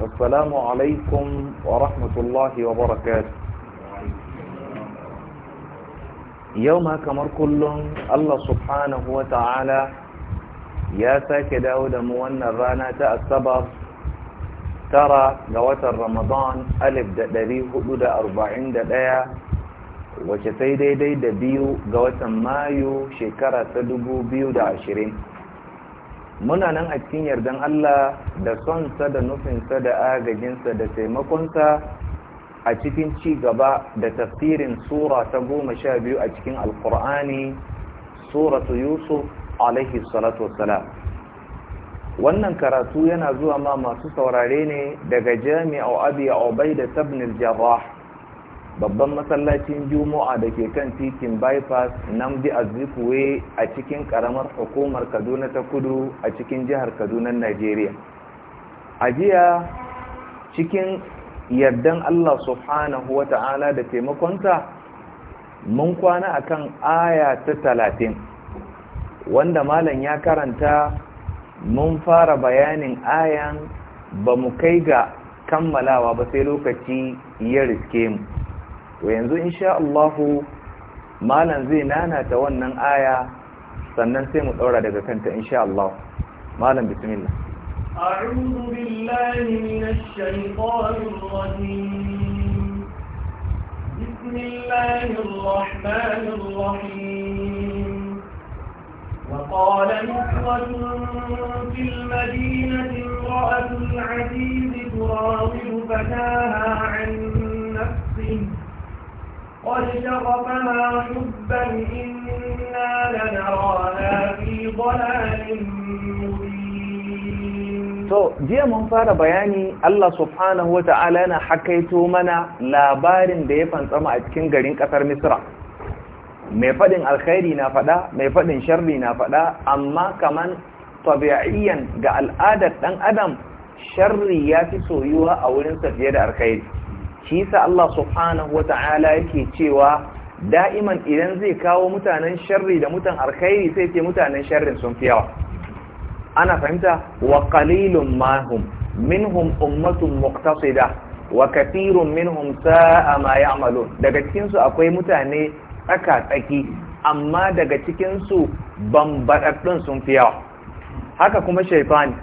السلام عليكم ورحمة الله وبركاته يوم كمر كل الله سبحانه وتعالى يا ساك داود موانا الرانا السبب ترى جوات رمضان ألف دليه حدود أربعين دليا وشتي دي دي دبيو جوات مايو شكرة دبو بيو دا عشرين muna nan a cikin yardan Allah da sonsa da nufinsa da agajinsa da taimakonsa a cikin ci gaba da tafsirin sura ta goma sha biyu a cikin alkur'ani suratu yusuf alaihi salatu wassalam wannan karatu yana zuwa ma masu saurare ne daga jami'a abi obai da Tabnil jarrah babban masallacin juma'a da ke kan titin bypass namdi azikwe a cikin karamar hukumar kaduna ta kudu a cikin jihar kaduna najeriya a jiya cikin yardan allah subhanahu wa ta'ala da taimakonta, mun kwana akan aya ta talatin wanda malam ya karanta mun fara bayanin ayan ba mu kai ga kammalawa ba sai lokaci ya riske mu to yanzu insha Allahu malam zai nanata wannan aya sannan sai mu daura daga kanta insha Allah malam bismillah أعوذ بالله من الشيطان الرجيم بسم الله الرحمن الرحيم وقال نسوة في المدينة امرأة العزيز تراود فتاها عن نفسه قد شغفنا حبا إنا لنرانا في ضلال To, jiya mun fara bayani Allah subhanahu wa ta'ala yana hakaito mana labarin da ya fantsama a cikin garin ƙasar Misra. Mai faɗin alkhairi na faɗa, mai faɗin sharri na faɗa, amma kaman tabi'ayyan ga al'adar ɗan Adam, sharri ya fi soyuwa a wurinsa fiye da alkhairi. shi yasa Allah subhanahu wata'ala yake cewa da'iman idan zai kawo mutanen sharri da mutan alkhairi sai ce mutanen sharrin sun fi yawa ana fahimta wa qalilun mahum minhum ummatun muqtasida wa kathirun minhum sa'a ma ya'malun daga cikin su akwai mutane tsaka tsaki amma daga cikin su bambadaddun sun fi yawa haka kuma shaytani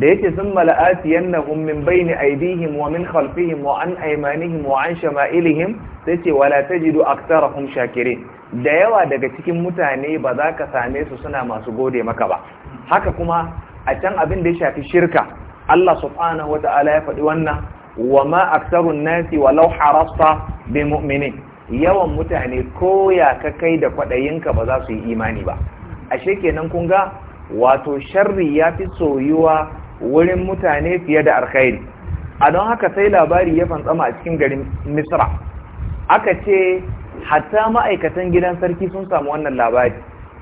da yake sun mala'ati yannahum min bayni aydihim wa min khalfihim wa an aymanihim wa an shama'ilihim sai ce wala tajidu aktharahum shakirin da yawa daga cikin mutane ba za ka same su suna masu gode maka ba haka kuma a can abin da ya shafi shirka Allah subhanahu wata'ala ya faɗi wannan wa ma aktharun nasi walau harasta bi mu'minin yawan mutane ko ya ka kai da kwaɗayinka ba za su yi imani ba ashe kenan kun ga wato sharri ya fi soyuwa wurin mutane fiye da alkhairi a don haka sai labari ya fantsama a cikin garin misra aka ce hatta ma'aikatan gidan sarki sun samu wannan labari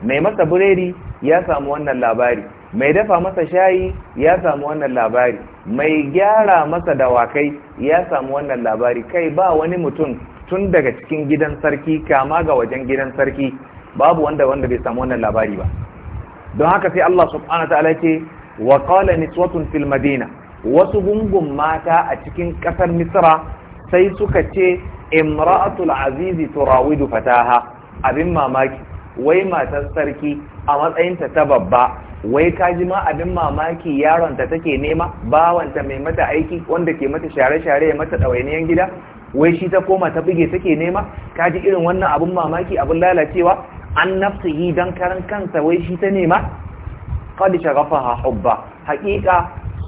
mai masa bureri ya samu wannan labari mai dafa masa shayi ya samu wannan labari mai gyara masa dawakai ya samu wannan labari kai ba wani mutum tun daga cikin gidan sarki kama ga wajen gidan sarki babu wanda wanda bai samu wannan labari ba don haka sai Allah subhanahu ta'ala ce wa qala niswatun fil madina wasu gungun mata a cikin kasar misra sai suka ce imra'atul azizi turawidu fataha abin mamaki wai matar sarki a matsayinta ta babba wai ka ji ma abin mamaki yaronta take nema bawanta mai mata aiki wanda ke mata share-share ya mata ɗawainiyan gida wai shi ta koma ta buge take nema ka ji irin wannan abin mamaki abin lalacewa an nafsihi don karan kansa wai shi ta nema qad shaghafaha hubba haqiqa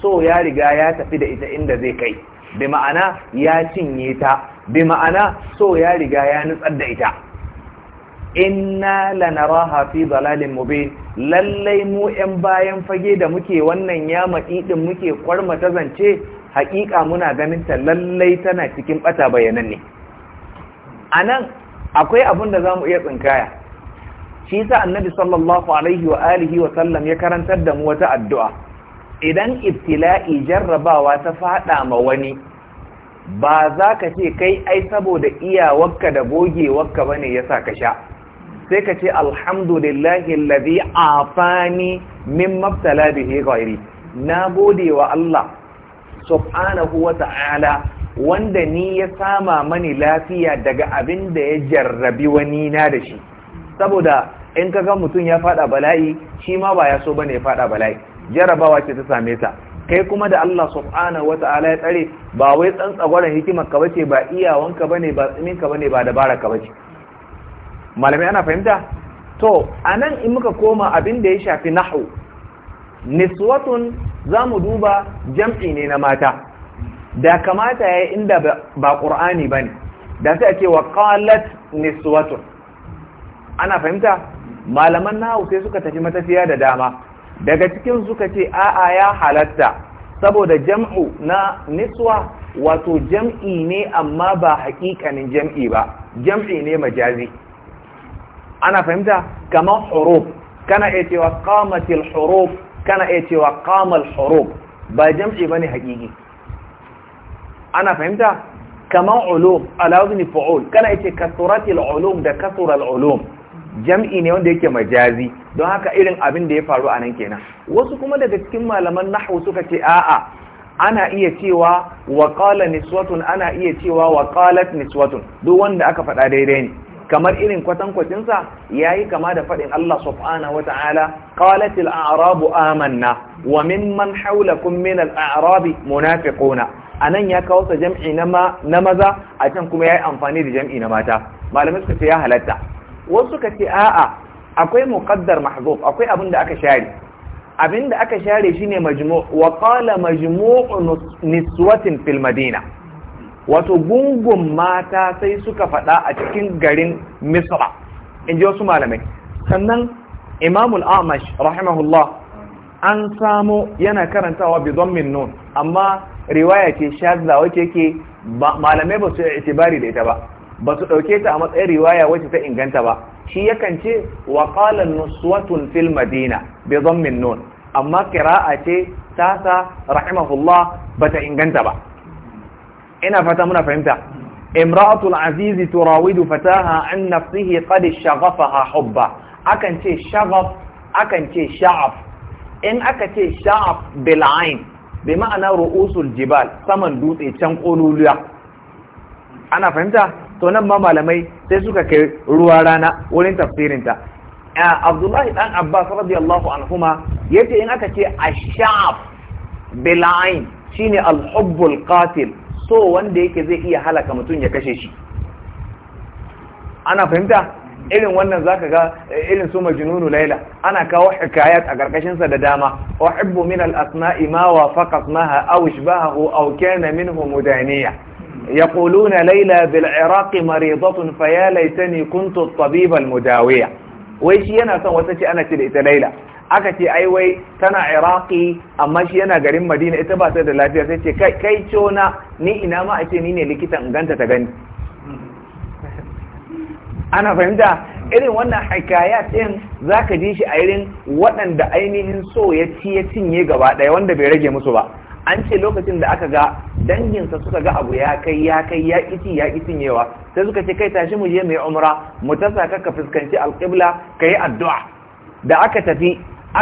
so ya riga ya tafi da ita inda zai kai bi ma'ana ya cinye ta bi ma'ana so ya riga ya nutsar da ita inna lanaraha fi dalalin mubin lallai mu yan bayan fage da muke wannan ya yamadi din muke kwarmata zance haƙiƙa muna ganin ta lallai tana cikin bata bayanan ne anan akwai abin da zamu iya tsinkaya shi sa annabi sallallahu alaihi wa alihi wa sallam ya karantar da mu wata addu'a idan ibtila'i jarrabawa ta fada ma wani ba za ka ce kai ai saboda iyawarka da gogewarka bane yasa ka sha sai ka ce alhamdulillahi alladhi afani min mabtala bihi ghairi na gode wa Allah subhanahu wa ta'ala wanda ni ya sama mani lafiya daga abin da ya jarrabi wani na da shi saboda in ka ga mutum ya fada bala'i shi ma ba ya so bane ya fada bala'i jarabawa ce ta same ta kai kuma da Allah subhanahu wata'ala ya tsare ba wai gwaran hikimar ka bace ba iyawanka bane ba tsimin ka bane ba dabara ka bace malamai ana fahimta to anan in muka koma abin da ya shafi Nahu. niswatun zamu duba jam'i ne na mata da kamata yayi inda ba qur'ani bane da sai ake wa qalat niswatun ana fahimta malaman nahu sai suka tafi matafiya da dama daga cikin suka ce a'a ya halatta saboda jam'u na niswa wato jam'i ne amma ba haƙiƙanin jam'i ba jam'i ne majazi ana fahimta kamar huruf kana iya cewa qamatil huruf kana iya cewa qamal huruf ba jam'i bane haƙiƙi ana fahimta kamar ulum ala wazni fu'ul kana iya ce kasuratil ulum da kasural ulum jam'i ne wanda yake majazi don haka irin abin da ya faru a nan kenan wasu kuma daga cikin malaman Nahu suka ce a'a ana iya cewa wa qala niswatun ana iya cewa wa qalat niswatun duk wanda aka faɗa daidai ne kamar irin kwatankwacin sa yayi kama da faɗin Allah subhanahu wata'ala qalatil a'rabu amanna wa mimman hawlakum min al-a'rabi munafiquna anan ya kawo sa jam'i na maza a can kuma yayi amfani da jam'i na mata malamai suka ce ya halatta wasu ka ce a'a akwai muqaddar mahzuf akwai abin da aka share abin da aka share shine majmu' wa qala majmu'u niswatin fil madina wato gungun mata sai suka faɗa a cikin garin misra Inji wasu malamai sannan imamul amash rahimahullah an samu yana karantawa bi min nun amma riwaya ce shazza wacce yake malamai ba su itibari da ita ba ba su ɗauke ta a matsayin riwaya wacce ta inganta ba shi yakan ce wa qala nuswatun fil madina bi dhammin nun amma kiraa ce tasa rahimahullah bata inganta ba ina fata muna fahimta imra'atul aziz turawidu fataha an nafsihi qad shaghafaha hubba akan ce shaghaf akan ce sha'af in aka ce sha'af bil ain bi ma'ana ru'usul jibal saman dutse can kololuya ana fahimta to nan ma malamai sai suka kai ruwa rana wurin tafsirinta abdullahi dan abbas radiyallahu anhuma yace in aka ce ashab bil'ain shine al qatil so wanda yake zai iya halaka mutum ya kashe shi ana fahimta irin wannan zaka ga eh, irin su majnunu laila ana kawo hikayat a karkashin sa da dama uhibbu min al-asma'i ma wafaqa asmaha aw ishbahahu aw kana minhu mudaniya يقولون ليلى بالعراق مريضة فيا ليتني كنت الطبيب المداوية wai shi yana son wata ce ana ce da ita laila aka ce ai wai tana iraki amma shi yana garin madina ita ba ta da lafiya sai ce kai kai cona ni ina ma ake ni ne likitan ganta ta gani ana fahimta irin wannan hikaya din zaka ji shi a irin waɗanda ainihin so ya ci ya cinye gaba ɗaya wanda bai rage musu ba an ce lokacin da aka ga danginsa suka ga abu ya kai ya kai ya kici ya kitin yawa sai suka ce kai tashi mu je mai umra mu tasa ka ka fuskanci alqibla kai addu'a da aka tafi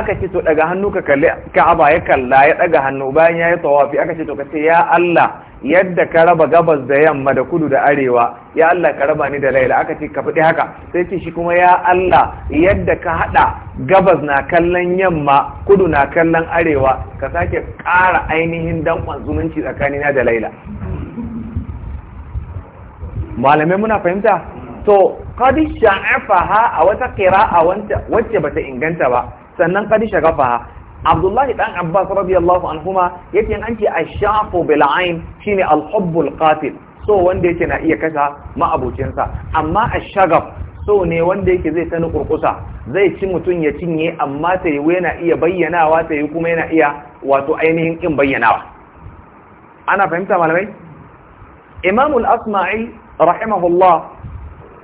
aka ce to daga hannu ka kalli ka'aba ya kalla ya daga hannu bayan yayi tawafi aka ce to ka ce ya Allah yadda ka raba gabas da yamma da kudu da arewa ya Allah ka raba ni da laila aka ce ka faɗi haka sai ce shi kuma ya Allah yadda ka haɗa gabas na kallon yamma kudu na kallon arewa ka sake ƙara ainihin danƙon zumunci tsakanina da laila malamai muna fahimta to kadisha afaha a wata a wacce bata inganta ba sannan qad shagafaha Abdullahi dan Abbas radiyallahu anhuma yake an ce ash bil a'in shine al-hubbul qatil so wanda yake na iya kasa ma'abucinsa amma ashagaf, so ne wanda yake zai tani kurkusa zai ci mutum ya cinye amma sai yi yana iya bayyanawa ta kuma yana iya wato ainihin in bayyanawa ana fahimta malamai imamul asma'i rahimahullah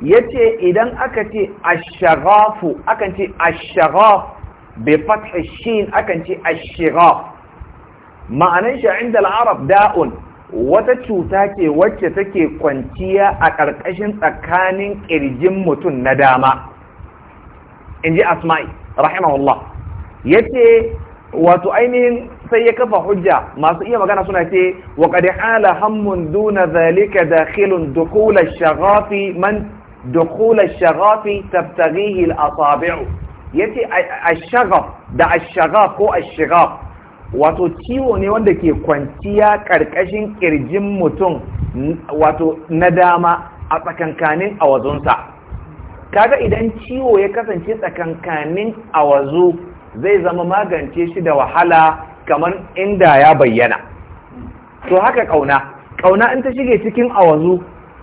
yace idan aka ce ashagafu akan ce ashagafu. bi fathi shin akan ce ash-shighaf ma'anan arab da'un wata cuta ce wacce take kwanciya a ƙarƙashin tsakanin ƙirjin mutum na dama in ji asma'i rahimahullah ya ce wato ainihin sai ya kafa hujja masu iya magana suna ce wa hala hammun duna zalika dakhilun dukhul ash-shaghafi man dukhul ash-shaghafi asabiu yace a da a ko a wato ciwo ne wanda ke kwanciya ƙarƙashin ƙirjin mutum wato na dama a tsakankanin awazunsa kaga idan ciwo ya kasance tsakankanin awazu zai zama magance shi da wahala kamar inda ya bayyana to haka kauna kauna in ta shige cikin awazu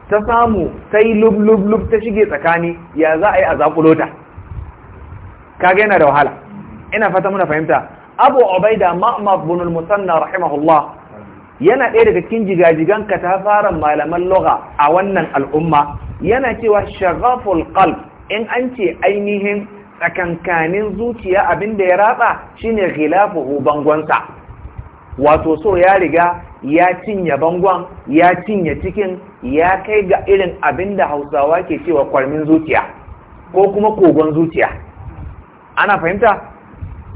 ta samu sai lub lub lub ta shige tsakani ya za a yi a zakulota kaga yana da wahala ina fata muna fahimta abu ubaida ma'mar bin al-musanna rahimahullah yana ɗaya daga cikin jigajigan katafaren malaman lugha a wannan al'umma yana cewa shaghaful qalb in an ce ainihin tsakankanin zuciya abin da ya ratsa shine ghilafuhu bangonsa wato so ya riga ya cinye bangon ya cinye cikin ya kai ga irin abinda Hausawa ke cewa kwarmin zuciya ko kuma kogon zuciya ana fahimta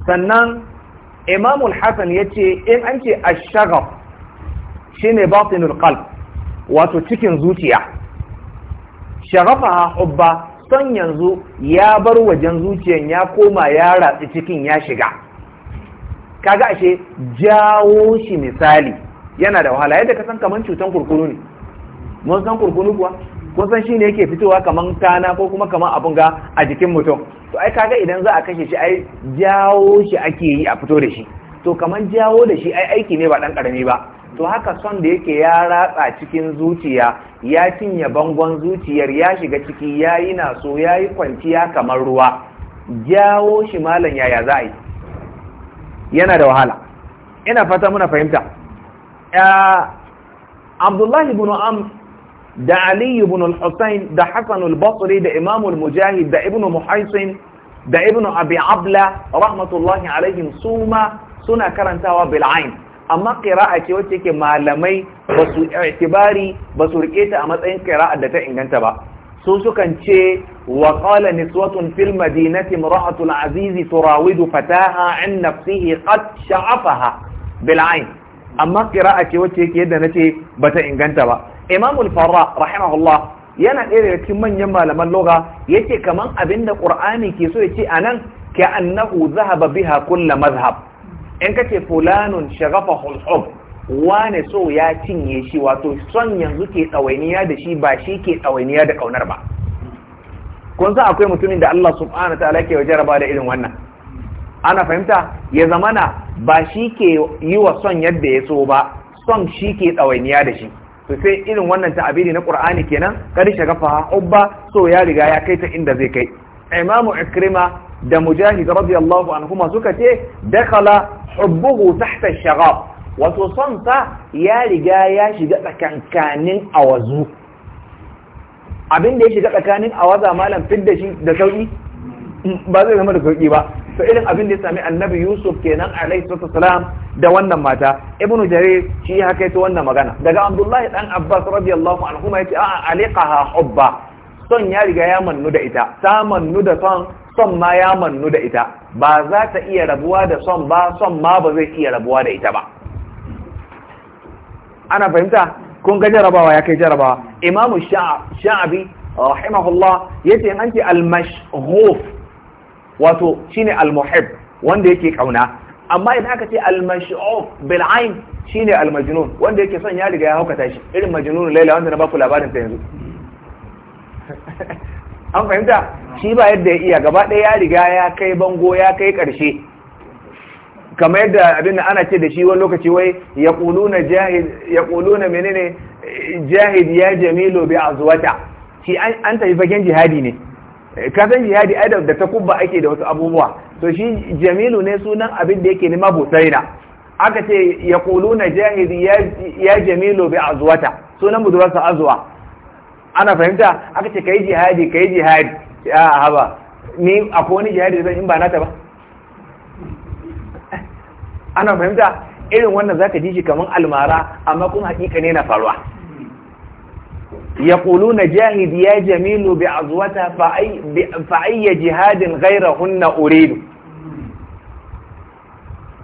sannan imamul hasan ya in an ce ashagaf shi shine batinul qalb wato cikin zuciya shagafa hubba son yanzu ya bar wajen zuciyan ya koma ya ratsi cikin ya shiga kaga ashe jawo shi misali yana da wahala yadda ka san kaman cutan kurkunu ne mun san kurkunu kuwa kun san shine yake fitowa kaman kana ko kuma kaman abun ga a jikin mutum to ai kaga idan za a kashe shi ai jawo shi ake yi a fito da shi to kamar jawo da shi ai aiki ne ba dan karami ba to haka son da yake ya ratsa cikin zuciya ya cinye bangon zuciyar ya shiga ciki ya yi naso ya yi kwanciya kamar ruwa jawo shi malam yaya za a yi yana da wahala ina fata muna fahimta abdullahi bin am ده علي بن الحسين ده حسن البصري ده امام المجاهد ده ابن محيصن ده ابن ابي عبلة رحمة الله عليهم سوما سنة كرن توا بالعين اما قراءة كيوتك ما لمي بس اعتباري بس رئيسة اما تأين قراءة ده تأين انت با سوشو وقال نسوة في المدينة امرأة العزيز تراود فتاها عن نفسه قد شعفها بالعين amma qira'a ce wacce yake yadda ba ta inganta ba Imam al-Farra rahimahullah yana ɗaya daga cikin manyan malaman ya yace kaman abinda Qur'ani ke so ya a nan, ka annahu zahaba biha kulla mazhab in kace fulanun shagafa al wane so ya cinye shi wato son yanzu ke ɗawainiya da shi ba shi ke ɗawainiya da ƙaunar ba kun san akwai mutumin da Allah subhanahu wa ta'ala ke jaraba da irin wannan ana fahimta ya zamana ba shi ke yi wa son yadda ya so ba son shi ke tsawainiya da shi to sai irin wannan ta'abiri na ƙur'ani kenan kada shiga faha ubba so ya riga ya kai ta inda zai kai imamu ikrima da mujahid radiyallahu ma suka ce dakala hubbuhu tahta shagab wato son sa ya riga ya shiga tsakankanin awazu abin da ya shiga tsakanin awaza malam fidda shi da sauki ba zai zama da sauki ba to irin abin da ya sami annabi yusuf kenan alaihi salatu salam da wannan mata ibnu jarir shi ya kai ta wannan magana daga abdullahi dan abbas radiyallahu anhu ma yace a'a aliqaha hubba son ya riga ya mannu da ita ta mannu da son son ma ya mannu da ita ba za ta iya rabuwa da son ba son ma ba zai iya rabuwa da ita ba ana fahimta kun ga jarabawa ya kai jarabawa imamu sha'abi rahimahullah yace an ce al-mashghuf wato shine al-muhib wanda yake kauna amma idan aka ce al-mash'uf bil ayn shine al-majnun wanda yake son ya riga ya hauka shi irin majnun laila wanda na baku labarin ta yanzu an fahimta shi ba yadda ya iya gaba ɗaya ya riga ya kai bango ya kai ƙarshe kamar yadda abin ana ce da shi wani lokaci wai ya jahid menene jahid ya jamilu bi azwata shi an tafi fagen jihadi ne ka san jihadi adam da takubba ake da wasu abubuwa to shi jamilu ne sunan abin da yake nima busaina aka ce ya kuluna jahidi ya jamilu bi azuwata sunan budurarsa azuwa ana fahimta aka ce kai jihadi kai jihadi a haba ni akwai wani jihadi zan in ba nata ba ana fahimta irin wannan zaka ji shi kamar almara amma kuma hakika ne na faruwa يقولون جاهد يا جميل بعضوتها فأي, فأي جهاد غيرهن أريد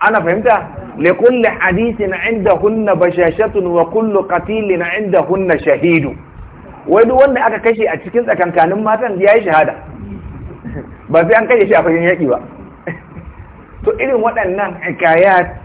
أنا فهمتها لكل حديث عندهن بشاشة وكل قتيل عندهن شهيد wai wanda aka kashe a cikin tsakankanin matan ya yi shahada ba sai an kashe shi a fagen ba to irin waɗannan hikayat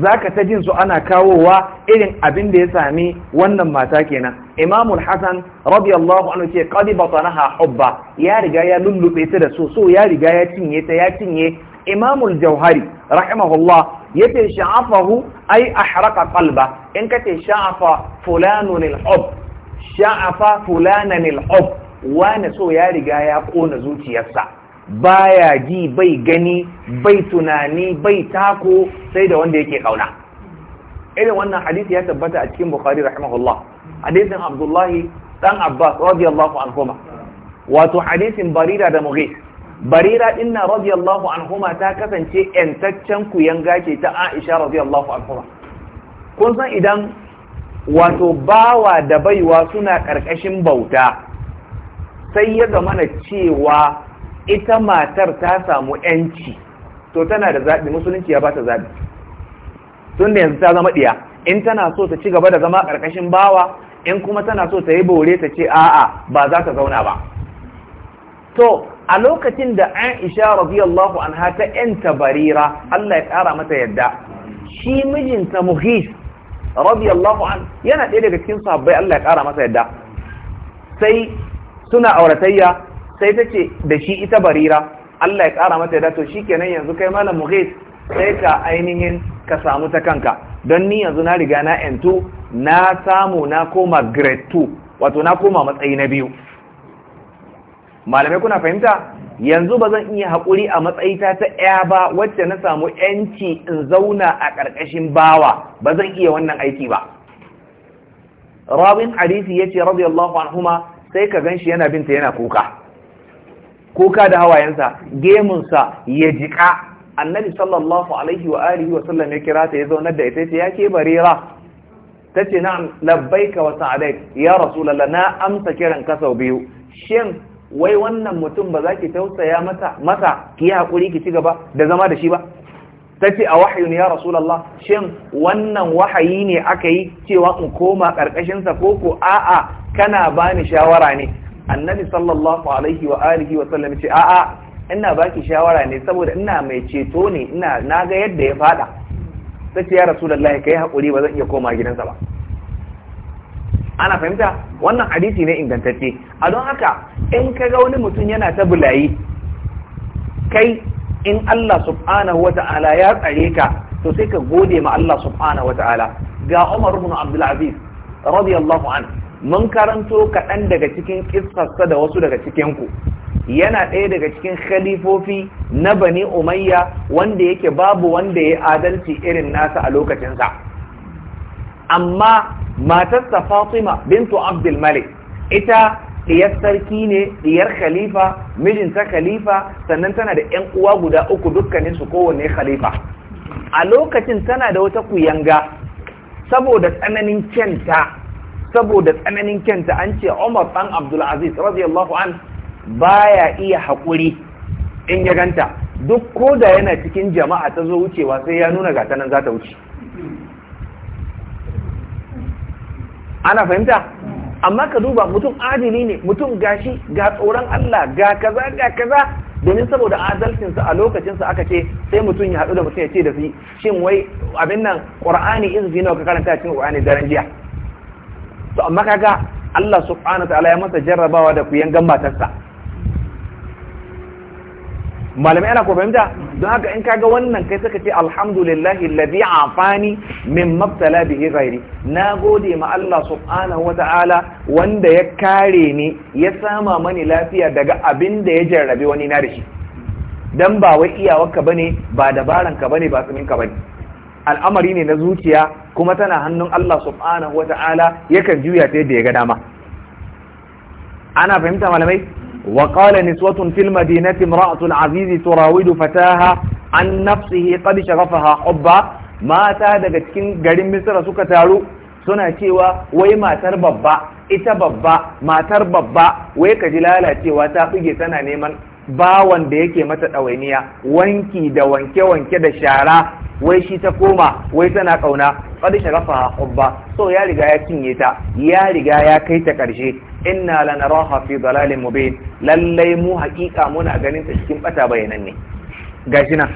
zaka ta jin su ana kawowa irin abin da ya sami wannan mata kenan imamul hasan radiyallahu anhu ce qad batanaha hubba ya riga ya lullube ta da so so ya riga ya cinye ta ya cinye imamul jauhari rahimahullah yace sha'afahu ai ahraqa qalba in kace sha'afa fulanun al-hub sha'afa fulanan al-hub wani so ya riga ya kona zuciyarsa baya ji bai gani bai tunani bai tako sai da wanda yake kauna irin wannan hadisi ya tabbata a cikin bukari rahimahullah hadisin abdullahi dan abbas radiyallahu anhuma wato hadisin barira da mughis barira inna radiyallahu anhuma ta kasance yantaccen kuyanga ce ta aisha radiyallahu anhuma kun san idan wato bawa da baiwa suna karkashin bauta sai ya zama cewa ita matar ta samu yanci to tana da zaɓi musulunci ya ba ta zaɓi tun da yanzu ta zama ɗiya in tana so ta ci gaba da zama ƙarƙashin bawa in kuma tana so ta yi bore ta ce a'a ba za ta zauna ba to a lokacin da Aisha radiyallahu anha ta yanta barira Allah ya ƙara mata yadda shi mijinta Muhis radiyallahu an yana ɗaya daga cikin sahabbai Allah ya ƙara masa yadda sai suna auratayya sai ta ce da shi ita barira Allah ya ƙara mata to shi kenan yanzu kai malam mughis sai ka ainihin ka samu ta kanka don ni yanzu na riga na n2 na samu na koma grade 2 wato na koma matsayi na biyu malamai kuna fahimta yanzu ba zan iya haƙuri a matsayi ta ta ɗaya ba wacce na samu ‘yanci in zauna a ƙarƙashin bawa ba zan iya wannan aiki ba rawin hadisi ya ce radiyallahu anhuma sai ka gan shi yana binta yana kuka kuka da hawayensa gemunsa ya jiƙa. annabi sallallahu alaihi wa alihi wa sallam ya kira ta ya zauna da ita ce ya ke barira ta ce na labbaika wa sa'adai ya rasulallah na amsa kiran ka sau biyu shin wai wannan mutum ba za ki tausaya mata mata ki hakuri ki ci gaba da zama da shi ba ta ce a wahyun ya rasulallah shin wannan wahayi ne aka yi cewa in koma ƙarƙashinsa ko ko a'a kana bani shawara ne annabi sallallahu alaihi wa alihi wa sallam ce a'a ina baki shawara ne saboda ina mai ceto ne ina naga yadda ya fada ce ya rasulullahi kai hakuri ba zan iya koma gidansa ba ana fahimta wannan hadisi ne ingantacce a don haka in ka ga wani mutum yana ta bulayi kai in Allah subhanahu wa ta'ala ya tsare ka to sai ka gode ma Allah subhanahu wa ta'ala ga Umar ibn Abdul Aziz radiyallahu anhu mun karanto kaɗan daga cikin ƙisarsa da wasu daga cikinku yana ɗaya daga cikin khalifofi na bani umayya wanda yake babu wanda ya adalci irin nasa a lokacinsa amma matarsa fatima bintu abdul malik ita ɗiyar sarki ne ɗiyar khalifa mijinta khalifa sannan tana da 'yan uwa guda uku dukkaninsu kowanne khalifa a lokacin tana da wata kuyanga saboda tsananin kyanta saboda tsananin kyanta an ce Umar dan Abdul Aziz radiyallahu an baya iya haƙuri in ya ganta duk ko da yana cikin jama'a ta zo wucewa sai ya nuna gata nan za ta wuce ana fahimta amma ka duba mutum adili ne mutum gashi ga tsoron Allah ga kaza ga kaza domin saboda adalcinsa a lokacinsa aka ce sai mutum ya haɗu da mutum ya ce da su shin wai abin nan ƙur'ani izini nawa ka karanta cikin ƙur'ani daren jiya to amma kaga Allah subhanahu ta'ala ya masa jarrabawa da kuyan gan matarsa malamai ana ko fahimta don haka in kaga wannan kai saka ce alhamdulillahi alladhi afani min mabtala bihi ghairi nagode ma Allah subhanahu ta'ala wanda ya kare ni ya sama mani lafiya daga abin da ya jarrabe wani na da shi dan ba wai iyawarka bane ba dabaranka bane ba tsaminka bane al'amari ne na zuciya kuma tana hannun Allah subhanahu wata'ala yakan juya ta yadda ya ga dama ana fahimta malamai wa qala niswatun fil madinati imra'atul aziz turawidu fataha an nafsihi qad shaghafaha hubba mata daga cikin garin Misra suka taru suna cewa wai matar babba ita babba matar babba wai ka ji lalacewa ta buge tana neman bawan da yake mata ɗawainiya wanki da wanke-wanke da shara wai shi ta koma wai tana ƙauna ƙadu sharafa hubba so ya riga ya cinye ta ya riga ya kai ta ƙarshe inna lanaraha fi dalalin mubin lallai mu haƙiƙa muna ganin ta cikin bata bayanan ne gashi nan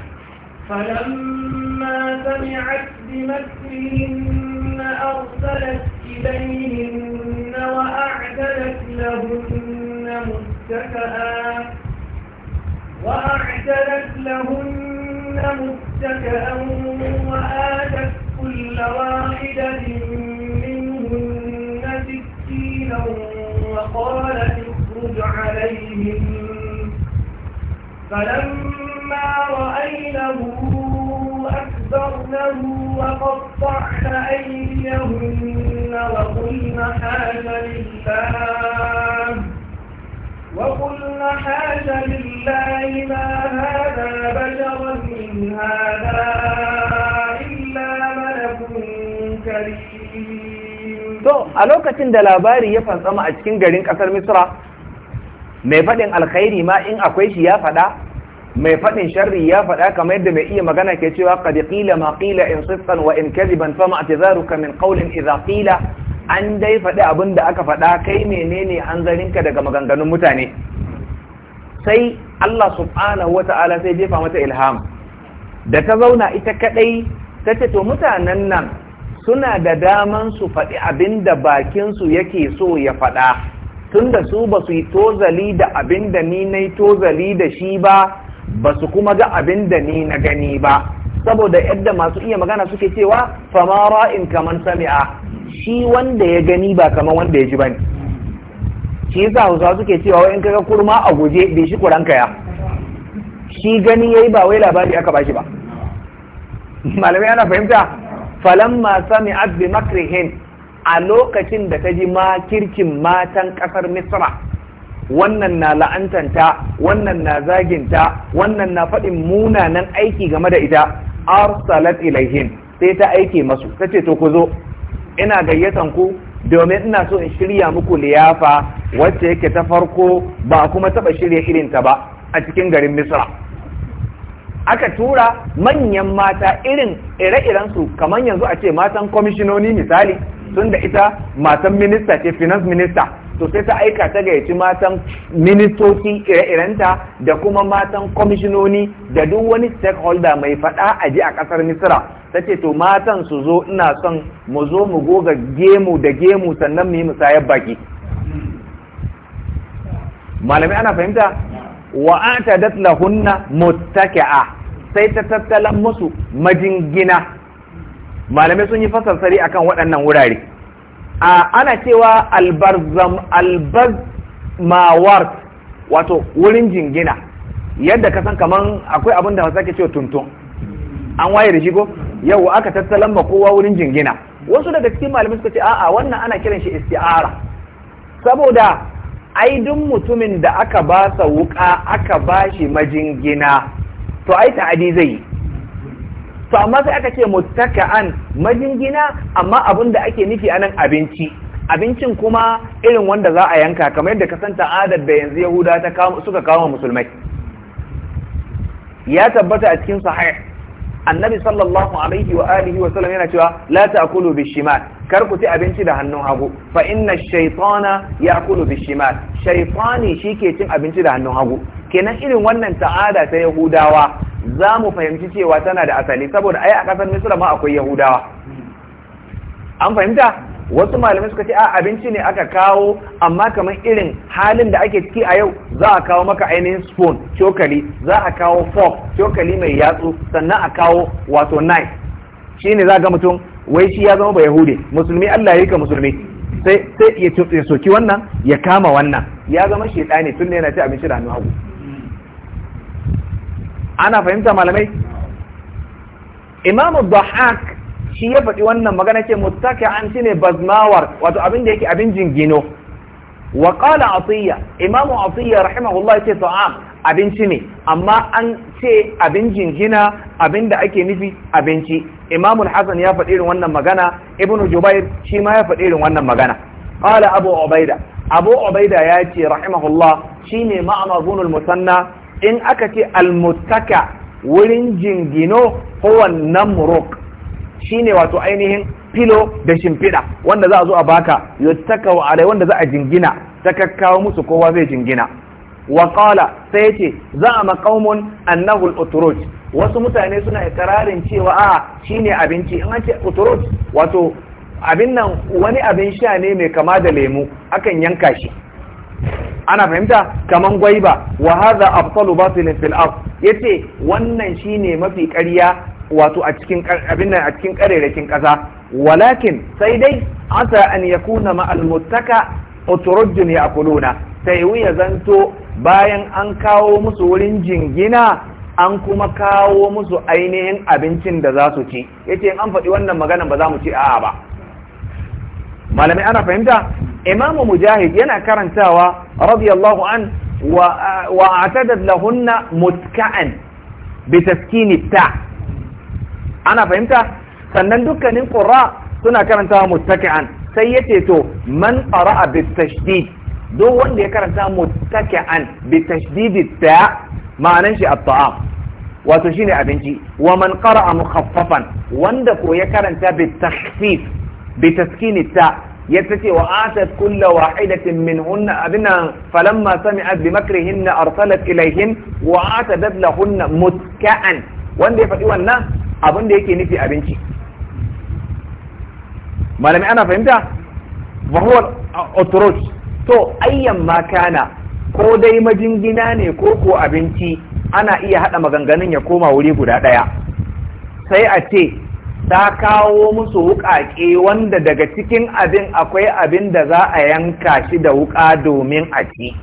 فلما سمعت بمكرهن أرسلت إليهن وأعدلت لهن متكئا وأعتدت لهن متكأ وآتت كل واحدة منهن سكينا وقالت اخرج عليهم فلما رأينه أكبرنه وقطعن أيديهن وقلن حاج لله وقلنا حاجة لله ما هذا بشرا من هذا إلا ملك كريم to a lokacin da labari ya fantsama a cikin garin kasar Misra mai faɗin alkhairi ma in akwai shi ya faɗa mai faɗin sharri ya faɗa kamar yadda mai iya magana ke cewa qad qila ma qila in sifan wa in kadiban fa ma min qawlin idha qila an dai faɗi abin da aka faɗa kai menene hanzarinka daga maganganun mutane sai Allah subhanahu wata'ala sai jefa mata ilham da ta zauna ita kadai ta ce to mutanen nan suna da daman su faɗi abin da bakinsu yake so ya faɗa tunda su ba su yi tozali da abin da ni na tozali da shi ba ba su kuma ga abin da ni na gani ba saboda yadda masu iya magana suke cewa famara'in kamar sami'a shi wanda ya gani ba kamar wanda ya ji bane shi yasa Hausawa suke cewa wai in kaga kurma a guje bai shi kuran kaya shi gani yayi ba wai labari aka bashi ba malamai ana fahimta ma sami bi makrihin a lokacin da ta ji makircin matan kasar misra wannan na la'antanta wannan na zaginta wannan na faɗin munanan aiki game da ita arsalat ilaihin sai ta aike masu ta ce to ku zo ina gayyatan ku domin ina so in shirya muku liyafa wacce yake ta farko ba kuma taba shirya irin ta ba a cikin garin misra aka tura manyan mata irin ire-iren su kamar yanzu a ce matan kwamishinoni misali tun da ita matan minista ce finance minister to sai ta aika ta gayyaci matan ministoci ire-irenta da kuma matan kwamishinoni da duk wani stakeholder mai fada a ji a kasar misra ta ce to matan su zo ina son mu zo mu goga gemu da gemu sannan mu yi musayar baki malami ana fahimta wa ata hunna muttaki'a sai ta tattalan musu majingina malamai sun yi fasassari akan waɗannan wurare a ana cewa albarzam albazmawar wato wurin jingina yadda ka san kaman akwai abin da hausa ke cewa tuntun an waye da shi ko yau aka tattalan ma kowa wurin jingina wasu daga cikin malamai suka ce a'a wannan ana kiran shi isti'ara saboda ai duk mutumin da aka ba sa wuka aka ba shi majingina to ai ta'adi zai yi to amma sai aka ce muttaka'an majingina amma abin da ake nufi anan abinci abincin kuma irin wanda za a yanka kamar yadda ka san ta'adar da yanzu yahuda ta suka kawo musulmai ya tabbata a cikin sahih annabi sallallahu alaihi wa alihi wa sallam yana cewa la ta'kulu bishimal kar ku ci abinci da hannun hagu fa inna shaytana ya'kulu bishimal shaytani shike cin abinci da hannun hagu kenan irin wannan ta'ada ta yahudawa za mu fahimci cewa tana da asali saboda ai a kasar misra ma akwai yahudawa an fahimta wasu malamai suka ce a abinci ne aka kawo amma kamar irin halin da ake ciki a yau za a kawo maka ainihin spoon cokali za a kawo fork cokali mai yatsu sannan a kawo wato knife shi ne za ga mutum wai shi ya zama ba yahude musulmi allah ya ka musulmi sai ya soki wannan ya kama wannan ya zama shaidani tun da yana ci abinci da hannu hagu ana fahimta malamai imamu dhahak shi ya faɗi wannan magana ce muttaki'an shine bazmawar wato abin da yake abin jingino wa qala atiya imamu atiya rahimahullah ce ta'am abinci ne amma an ce abin jingina abin da ake nufi abinci imamu hasan ya faɗi irin wannan magana ibnu jubair shi ma ya faɗi irin wannan magana qala abu ubaida abu ubaida ya ce rahimahullah shine ma'ana gunul musanna in aka ce al-muttaka wurin jingino huwa namruk shine wato ainihin filo da shimfiɗa wanda za a zo a baka yuttaka wa alai wanda za a jingina ta kakkawo musu kowa zai jingina wa qala sai yace za a maqaumun annahu al wasu mutane suna ikrarin cewa a shine abinci in an ce utruj wato abin nan wani abin sha ne mai kama da lemu akan yanka shi ana fahimta kaman gwaiba wa hadha afsalu batilin fil ard yace wannan shine mafi karya. wato a cikin abin nan a cikin karerakin ƙasa walakin sai dai asa an yakuna ma'al muttaka uturujun yakuluna sai ya zanto bayan an kawo musu wurin jingina an kuma kawo musu ainihin abincin da za su ci yace an faɗi wannan magana ba za mu ci a'a ba malamai ana fahimta imamu mujahid yana karantawa radiyallahu an wa a'tadat lahunna mutka'an bi taskini ta' ana fahimta sannan dukkanin ƙura suna karanta mutaki'an sai ya to man ƙara a bitashdid don wanda ya karanta mutaki'an bitashdidid ta ma'anan shi a ta'am wato shine abinci wa man ƙara a mukhaffafan wanda ko ya karanta bitashdid bitaskini ya ta ce wa atat kulla wa aidatin min hunna abin nan falon masu mi azbi makari hinna arsalat ilaihin wa atat dadla hunna mutka'an wanda ya faɗi wannan abin da yake nufi abinci malami ana fahimta bahuwar otrot to ayyan makana ko dai majingina ne ko ko abinci ana iya haɗa maganganun ya koma wuri guda ɗaya sai a ce ta kawo musu wuƙaƙe wanda daga cikin abin akwai abin da za a yanka shi da wuƙa domin a ci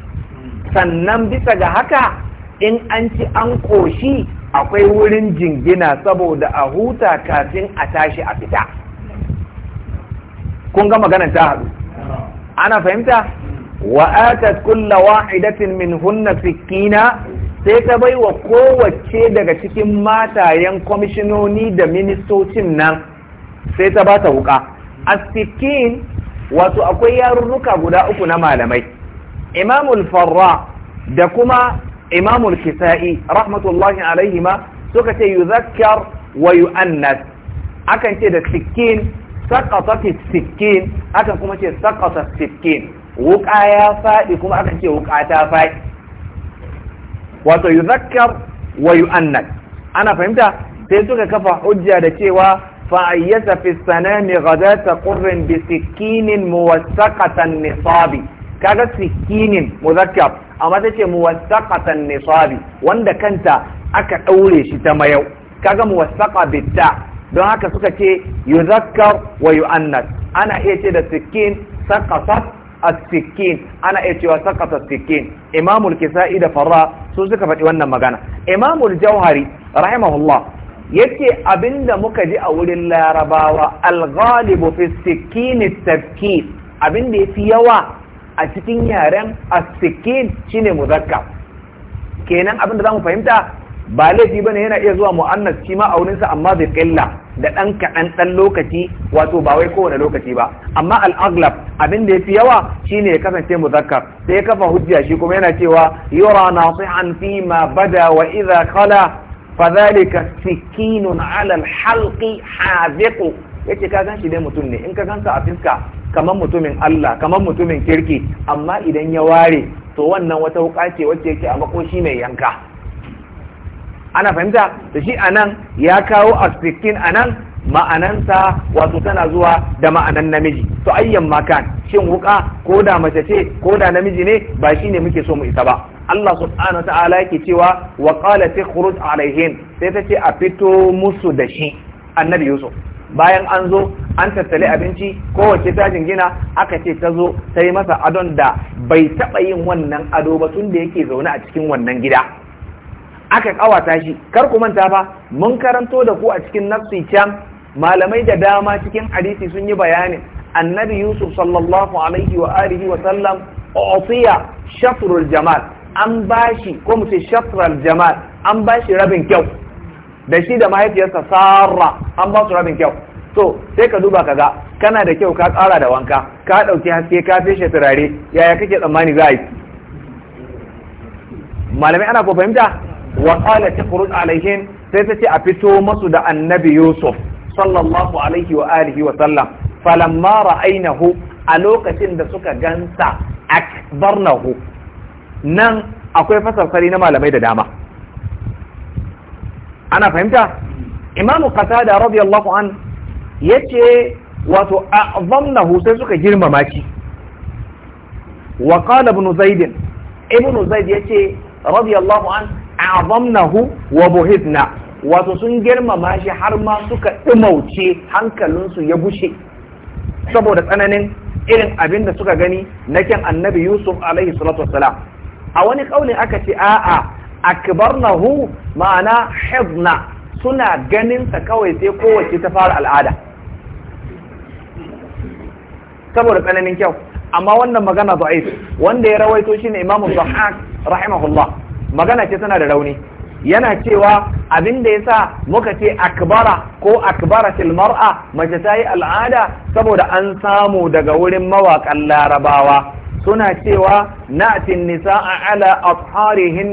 sannan bisa ga haka in an ci an ƙoshi akwai wurin jingina saboda a huta kafin a tashi a fita kun ga maganar ta haɗu ana fahimta wa atat kulla wa'idatin min hunna sikina sai ta bai wa kowace daga cikin matayen kwamishinoni da ministocin nan sai ta ba ta wuka asikin wato akwai yarurruka guda uku na malamai imamul farra da kuma imamul kisa'i rahmatullahi alaihi ma suka ce yuzakkar wa yu'annas akan ce da sikkin saqata sikkin akan kuma ce saqata sikkin wuka ya fadi kuma akan ce wuka ta fadi wato yuzakkar wa yu'annas ana fahimta sai suka kafa hujja da cewa fa'ayyata fi sanami ghadata qurrin bi sikkinin muwassaqatan nisabi kaga sikinin muzakkar amma ta ce muwassaqatan nisabi wanda kanta aka ɗaure shi ta mayau kaga muwassaqa bitta don haka suka ce yuzakkar wa yu'annas ana iya ce da sikin saqatat a sikin ana iya cewa saqatat as-sikin imamul kisa'i da farra su suka faɗi wannan magana imamul jauhari rahimahullah yace abinda muka ji a wurin larabawa al-ghalibu fi sikin at-tabkir abinda yafi yawa a cikin yaren asikin shine muzakka. kenan abin da zamu fahimta ba laifi bane yana iya zuwa mu'annas shi ma aurinsa amma bi qilla da dan kaɗan ɗan lokaci wato ba wai kowane lokaci ba amma al abin da yafi yawa shine ya kasance muzakkar sai ya kafa hujja shi kuma yana cewa yura nasihan fi ma bada wa idha khala fadhalika sikinun ala al-halqi habiqu yace ka gan shi dai mutum ne in ka gansa a fiska kamar mutumin Allah kamar mutumin kirki amma idan ya ware to wannan wata wuka ce wacce yake a makoshi mai yanka ana fahimta da shi anan ya kawo a anan ma'anansa wato tana zuwa da ma'anan namiji to ayyan makan shin wuka ko da mace ce ko da namiji ne ba shi ne muke so mu isa ba Allah subhanahu ta'ala yake cewa wa qalat ikhruj alaihin sai ta ce a fito musu da shi annabi Yusuf bayan an zo an tattale abinci kowace tajin gina, aka ce ta zo ta yi masa adon da bai taɓa yin wannan ado ba tun da yake zaune a cikin wannan gida aka kawata shi kar ku manta ba mun karanto da ku a cikin nafsi can malamai da dama cikin hadisi sun yi bayani. annabi yusuf sallallahu alaihi wa alihi wa sallam usiya shatrul jamal an bashi ko mu ce shatrul jamal an bashi rabin kyau da shi da mahaifiyarsa sarra an ba su rabin kyau to sai ka duba kaga kana da kyau ka tsara da wanka ka ɗauki haske ka feshe turare yaya kake tsammani za a yi malamai ana ko fahimta wa qala taqrud sai ta ce a fito masu da annabi yusuf sallallahu alaihi wa alihi wa sallam falamma ra'ainahu a lokacin da suka gansa akbarnahu nan akwai fasafari na malamai da dama ana fahimta imamu qatada radiyallahu an yace wato a'zamnahu sai suka girmama shi wa qala ibn zaid ibn zaid yace radiyallahu an a'zamnahu wa buhitna wato sun girmama shi har ma suka dumauce hankalinsu ya bushe saboda tsananin irin abin da suka gani na kyan annabi yusuf alaihi salatu wassalam a wani kaulin aka ce a'a akbarnahu ma'ana hibna suna ganinsa kawai sai kowace ta fara al'ada saboda tsananin kyau amma wannan magana da'if wanda ya rawaito shine Imam Dhahhak rahimahullah magana ce tana da rauni yana cewa abin da yasa muka ce akbara ko akbaratil mar'a mace ta yi al'ada saboda an samu daga wurin mawaƙan larabawa suna cewa nisa nisa'a ala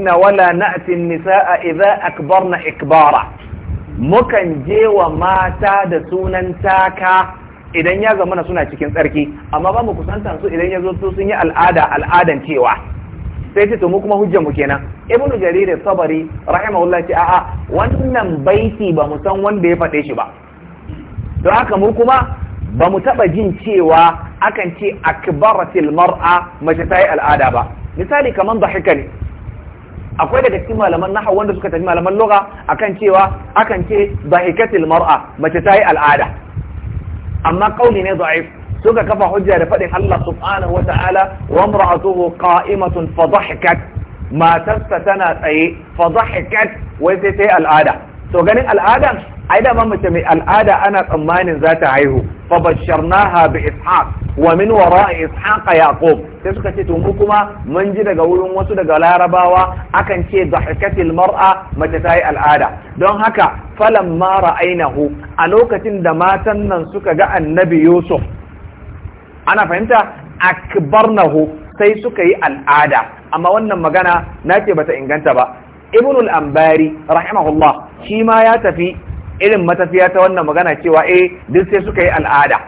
na wala a nisa'a akbar na ikbara mukan je wa mata da sunan taka idan ya zama na suna cikin tsarki amma ba mu kusanta su idan ya zo su sun yi al'ada al'adan cewa sai ce to mu kuma hujjar mu kenan ibnu jarir sabari rahimahullah ce a'a wannan baiti ba mu san wanda ya faɗe shi ba don haka mu kuma ba mu taɓa jin cewa akan ce akbaratil mar'a mace ta yi al'ada ba misali kaman dhahika ne akwai daga cikin malaman nahwa wanda suka tafi malaman lugha akan cewa akan ce dhahikatil mar'a mace ta yi al'ada amma kauli ne da'if suka kafa hujja da faɗin Allah subhanahu wata'ala wa imra'atuhu qa'imatun fa dhahikat matarsa tana tsaye fa dhahikat wai sai ta yi al'ada to ganin al'adan ai dama mace mai al'ada ana tsammanin za ta haihu fa basharnaha bi ishaq wa min wara'i ishaq yaqub sai suka ce to mu kuma mun ji daga wurin wasu daga larabawa akan ce dhahikatil mar'a mace ta yi al'ada don haka falamma ra'ainahu a lokacin da matan nan suka ga annabi yusuf ana fahimta akbarnahu sai suka yi al'ada amma wannan magana na ce bata inganta ba ibnul ambari rahimahullah shi ma ya tafi irin matafiya ta wannan magana cewa eh duk sai suka yi al'ada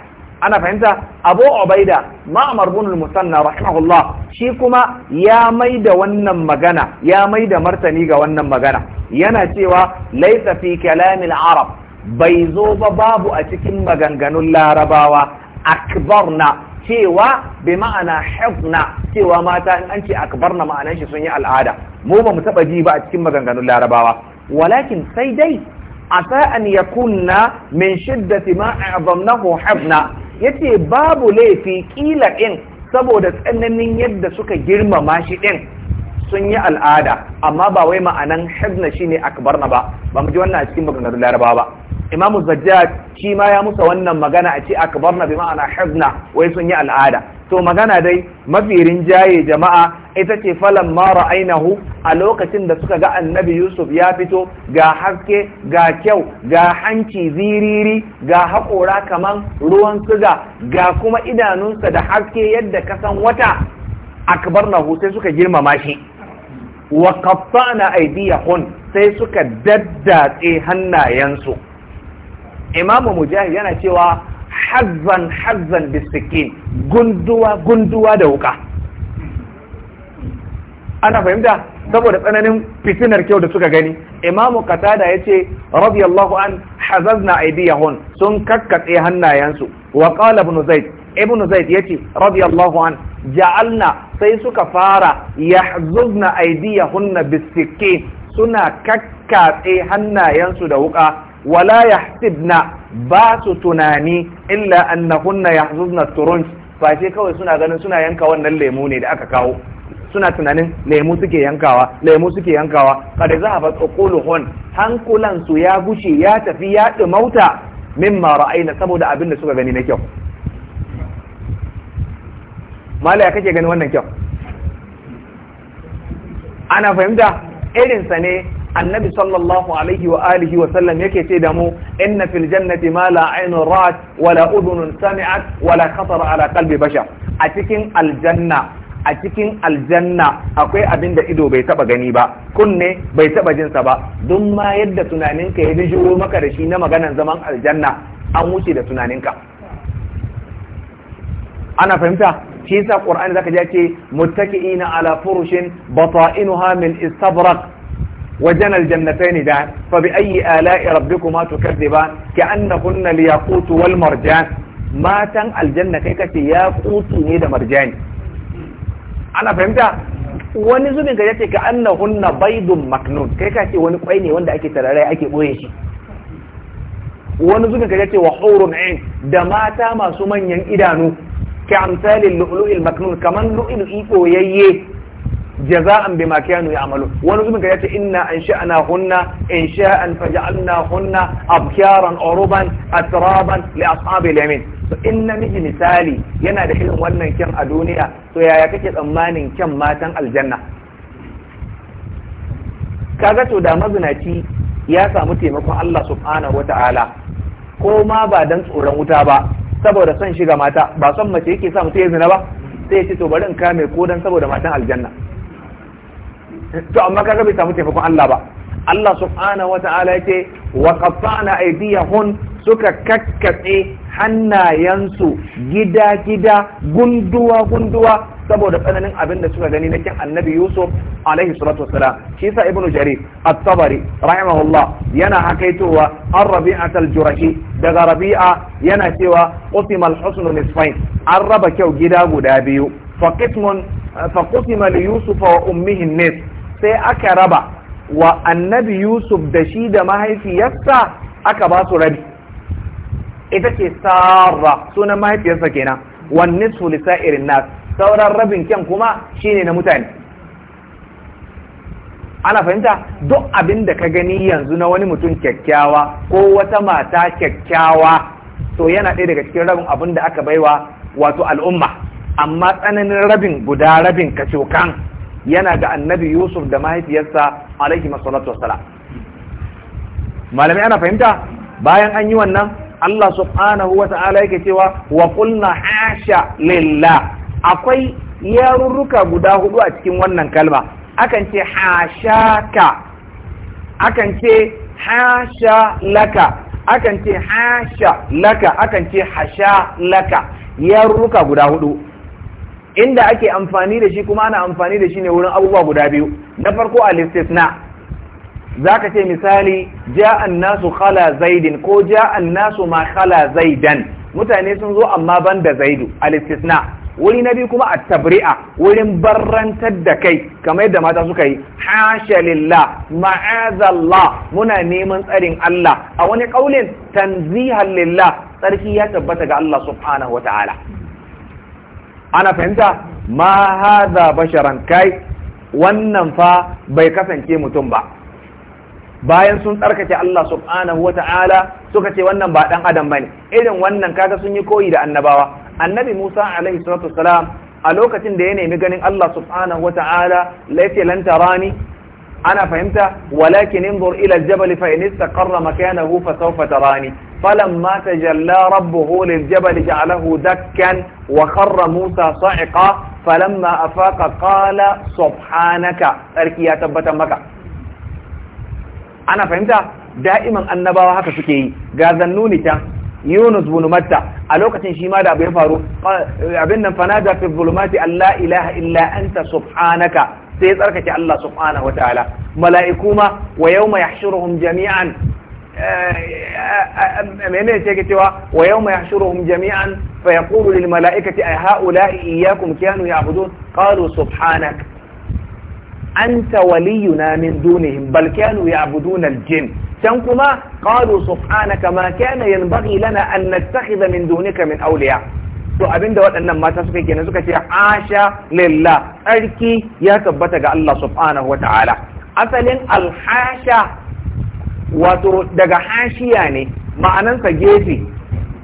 ana fahimta abu ubaida mamar bin musanna rahimahullah shi kuma ya mai da wannan magana ya mai da martani ga wannan magana yana cewa laysa fi kalamil arab bai zo ba babu a cikin maganganun larabawa akbarna cewa bi ma'ana hifna cewa mata in an ce akbarna ma'anan shi sun yi al'ada mu ba mu taba ji ba a cikin maganganun larabawa walakin sai dai asa an yakunna min shiddati ma a'zamnahu ya ce babu laifi ƙila din saboda tsananin yadda suka girmama shi din sun yi al'ada amma ba wai ma'anan habna shine akbarna ba ba mu ji wannan a cikin maganganun laraba ba imamu Zajja shi ma ya musa wannan magana a ce akbarna bi ma'ana habna wai sun yi al'ada to magana dai mafi rinjaye jama'a ita ce falan mara ainihu a lokacin da suka ga annabi yusuf ya fito ga haske ga kyau ga hanci ziriri ga haƙora kaman ruwan suga ga kuma idanunsa da haske yadda kasan wata akbar Nahu sai suka girmama shi wa qatta'na hun sai suka daddatse hannayensu imamu mujahid yana cewa hazzan hazzan bisikin gunduwa gunduwa da wuka ana fahimta saboda tsananin fitinar kyau da suka gani imamu qatada yace radiyallahu an hazazna aydiyahun sun kakkatse hannayensu wa qala ibn zaid ibn zaid yace radiyallahu an ja'alna sai suka fara yahzuzna aydiyahunna bisikin suna kakkatse hannayensu da wuka wala yahsibna ba su tunani illa annahunna yahzuzna turunj ba sai kawai suna ganin suna yanka wannan lemu ne da aka kawo suna tunanin lemu suke yankawa lemu suke yankawa kada za a hon hankulan su ya gushe ya tafi ya min mimma ra'ayna saboda abin da suka gani na kyau malaya kake gani wannan kyau ana fahimta irinsa ne annabi sallallahu alaihi wa alihi wa sallam yake ce da mu inna fil jannati ma la aynun ra'at wa la udhunun sami'at wa la ala qalbi bashar a cikin aljanna a cikin aljanna akwai abin da ido bai taba gani ba kunne bai taba jinsa ba duk ma yadda tunaninka ya bijiro maka da shi na maganan zaman aljanna an wuce da tunaninka ana fahimta shi yasa qur'ani zaka ji ce muttaki'ina ala furushin bata'inuha min istabraq وجنى الجنتين دان فبأي آلاء ربكما تكذبان كأنهن الياقوت والمرجان matan aljanna kai kace ya kutu ne da marjani ana fahimta wani zubin ka yace ka annahunna maknun kai ce wani kwai ne wanda ake tarare ake boye shi wani zubin ka yace wa hurun ain da mata masu manyan idanu ka amsalil lu'lu'il maknun kaman lu'lu'i boyayye jaza'an bima kanu ya'malu wani zubin ka yace inna ansha'na hunna insha'an faj'alna hunna abkaran uruban atraban li ashabi al-yamin to in namiji misali yana da irin wannan kyan a duniya to yaya kake tsammanin kyan matan aljanna kaga to da mazinaci ya samu taimakon Allah subhanahu wata'ala ko ma ba dan tsoron wuta ba saboda son shiga mata ba son mace yake sa mutum ya zina ba sai ya ce to bari in kame ko dan saboda matan aljanna to amma kaga bai samu taimakon Allah ba Allah subhanahu wata'ala yake wa qatta'na aydiyahun suka kakkatse hannayensu gida-gida gunduwa-gunduwa saboda tsananin abin da suka gani na kin annabi yusuf alaihi salatu wassalam shi sa ibnu jarir at-tabari rahimahullah yana hakaitowa an rabi'at al-jurashi daga rabi'a yana cewa qusima al-husnu nisfain an raba kyau gida guda biyu fa qismun fa li yusuf wa ummihi nisf sai aka raba wa annabi yusuf da shi da mahaifiyarsa aka ba su rabi ita ce sarra sunan mahaifiyarsa kenan Wani sulisa irin sa'irin nas sauran rabin kyan kuma shine na mutane ana fahimta duk abin da ka gani yanzu na wani mutum kyakkyawa ko wata mata kyakkyawa to yana ɗaya daga cikin rabin abin da aka baiwa wato al'umma amma tsananin rabin guda rabin kacokan yana ga annabi yusuf da mahaifiyarsa alaihi masalatu wassalam Malami ana fahimta bayan an yi wannan Allah subhanahu wa ta'ala yake cewa wa qulna hasha lillah akwai yarurruka guda hudu a cikin wannan kalma akan ce hashaka akan ce hasha laka akan ce hasha laka akan ce hasha laka yarurruka guda hudu inda ake amfani da shi kuma ana amfani da shi ne wurin abubuwa guda biyu na farko a istisna zaka ce misali ja'an nasu khala zaidin ko ja'an nasu ma khala zaidan mutane sun zo amma banda zaidu a listisna wuri na biyu kuma a tabria wurin barrantar da kai kamar yadda mata suka yi hasha lillah ma'azallah muna neman tsarin Allah a wani kaulin tanzihan lillah tsarki ya tabbata ga Allah subhanahu wataala ana fahimta ma haza basharan kai wannan fa bai kasance mutum ba bayan sun tsarkake Allah subhanahu wa ta'ala suka ce wannan ba dan adam bane irin wannan kaga sun yi koyi da annabawa annabi Musa alaihi salatu wassalam a lokacin da ya nemi ganin Allah subhanahu wa ta'ala laifi lan tarani ana fahimta walakin inzur ila aljabal fa in istaqarra makanahu fa sawfa tarani فلما تجلى ربه للجبل جعله دكا وخر موسى صعقا فلما أفاق قال سبحانك أركيا تبتا مكا أنا فهمت دائما النبوة هكا سكي غازنوني تا يونس بن متى ألوكة شيما دا بيفارو أبنا فنادى في الظلمات أن لا إله إلا أنت سبحانك sai ya tsarkake Allah subhanahu wataala mala'iku ma wa yawma yahshuruhum jami'an menene ce yake cewa wa yawma yahshuruhum jami'an fa yaqulu lil mala'ikati ay ha'ula'i iyyakum kanu ya'budun qalu subhanak anta waliyuna min dunihim bal kanu ya'budun al jinn can kuma qalu subhanaka ma kana yanbaghi lana an nattakhidha min dunika min awliya to abinda waɗannan mata suka kenan suka ce asha lillah tsarki ya tabbata ga Allah subhanahu wa ta'ala asalin alhasha wato daga hashiya ne ma'anansa gefe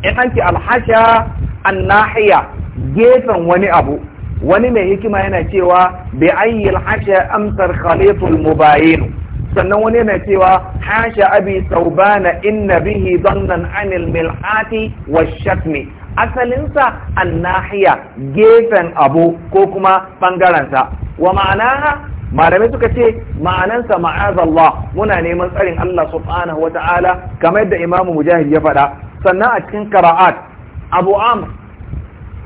in an alhasha an nahiya gefen wani abu wani mai hikima yana cewa bi ayyil hasha amsar khaliful mubayinu sannan wani yana cewa hasha abi saubana inna bihi dhannan anil milhati washatmi asalinsa an nahiya gefen abu ko kuma bangarensa wa ma'anaha malamai suka ce ma'anansa ma'azallah muna neman tsarin Allah subhanahu wata'ala kamar yadda imamu mujahid ya faɗa sannan a cikin kara'at abu am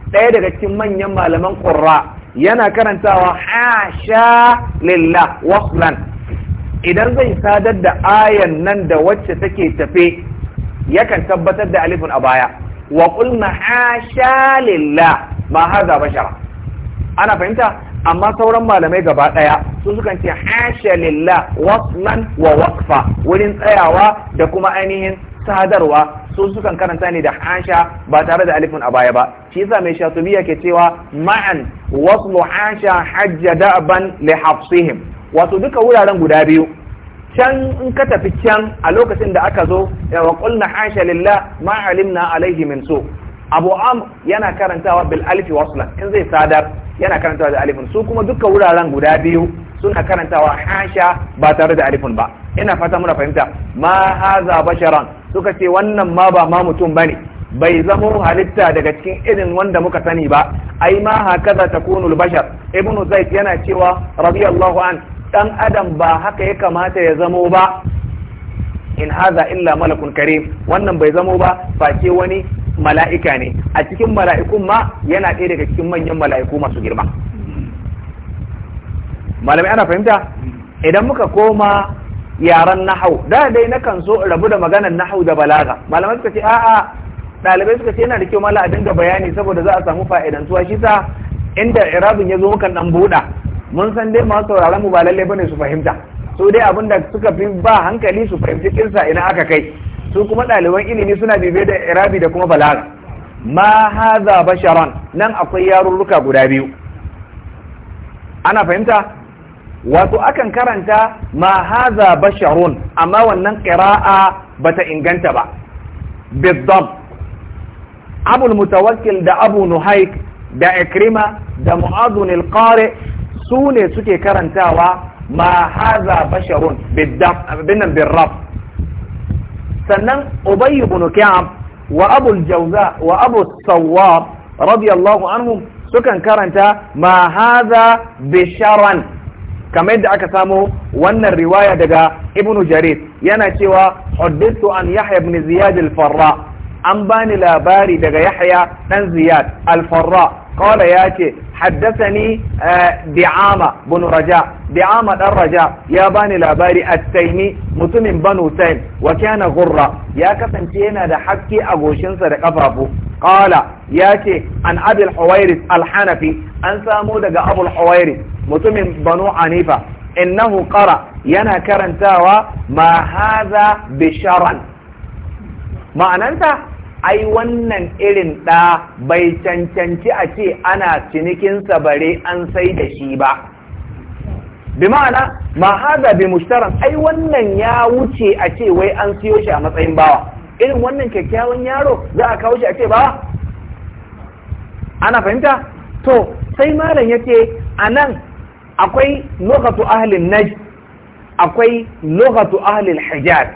ɗaya daga cikin manyan malaman ƙurra yana karantawa hasha lillah waslan idan zai sadar da ayan nan da wacce take tafe yakan tabbatar da alifin a baya wa qul hasha lillah ma hadha bashara ana fahimta amma sauran malamai gaba ɗaya su sukan ce hasha lillah waslan wa waqfa wurin tsayawa da kuma ainihin sadarwa su sukan karanta ne da hasha ba tare da alifin a baya ba shi yasa mai shatubiya ke cewa ma'an waslu hasha hajja da'ban li hafsihim wato duka wuraren guda biyu can in ka tafi can a lokacin da aka zo wa qulna hasha lillah ma alimna alaihi min su abu am yana karantawa bil alfi waslan in zai sadar yana karantawa da alifin su kuma dukkan wuraren guda biyu suna karantawa hasha ba tare da alifin ba ina fata muna fahimta ma haza basharan suka ce wannan ma ba ma mutum bane bai zamo halitta daga cikin irin wanda muka sani ba ai ma ta kunu, bashar ibnu zaid yana cewa radiyallahu an dan adam ba haka ya kamata ya zamo ba in haza illa malakun karim wannan bai zamo ba face wani mala'ika ne a cikin mala'ikun ma yana ɗaya daga cikin manyan mala'iku masu girma malamai ana fahimta idan muka koma yaran nahau da dai na kan so rabu da maganar nahau da balaga malamai suka ce a'a ɗalibai suka ce yana da kyau mala a dinga bayani saboda za a samu fa'idantuwa shi sa inda irabin ya zo mukan dan buɗa mun san dai masu sauraron mu ba lallai bane su fahimta su dai abin da suka fi ba hankali su fahimci kinsa ina aka kai su kuma ɗaliban ilimi suna bibe da irabi da kuma balaga ma haza basharan nan akwai yarurruka guda biyu ana fahimta wato akan karanta ma haza basharun amma wannan ba bata inganta ba biddab abul mutawakkil da abu nuhaik da ikrima da mu'adunil al-qari su ne suke karantawa ma basharun biddam binnan birraf sannan ubay ibn ka'ab wa abu al-jawza wa abu sawwab radiyallahu sukan karanta ma haza bisharan kamar da aka samo wannan riwaya daga ibnu jarir yana cewa huddithu an yahya ibn ziyad al-farra an bani labari daga yahya dan ziyad alfarra. qala ya ce haddathani eh, bi'ama bin raja bi'ama dan raja ya bani labari at mutumin banu taim wa ya kasance yana da haske a goshinsa da kafafu qala ya ce an abul huwairis al-hanafi an samo daga abul huwairis mutumin banu anifa innahu qara yana karantawa ma hadha bisharan ma'ananta ai wannan irin ɗa bai cancanci a ce ana cinikinsa bare an sai da shi ba bi ma'ana ma haza bi mushtaran ai wannan ya wuce a ce wai an siyo shi a matsayin bawa irin wannan kyakkyawan yaro za a kawo shi a ce bawa ana fahimta to sai malam ya ce a nan akwai lokatu ahalin naj akwai lokatu ahalin hijar